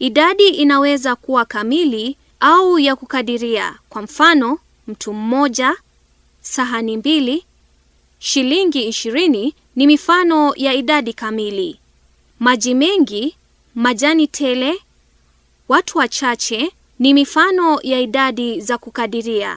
Idadi inaweza kuwa kamili au ya kukadiria. Kwa mfano, mtu mmoja, sahani mbili, shilingi ishirini ni mifano ya idadi kamili. Maji mengi, majani tele, watu wachache ni mifano ya idadi za kukadiria.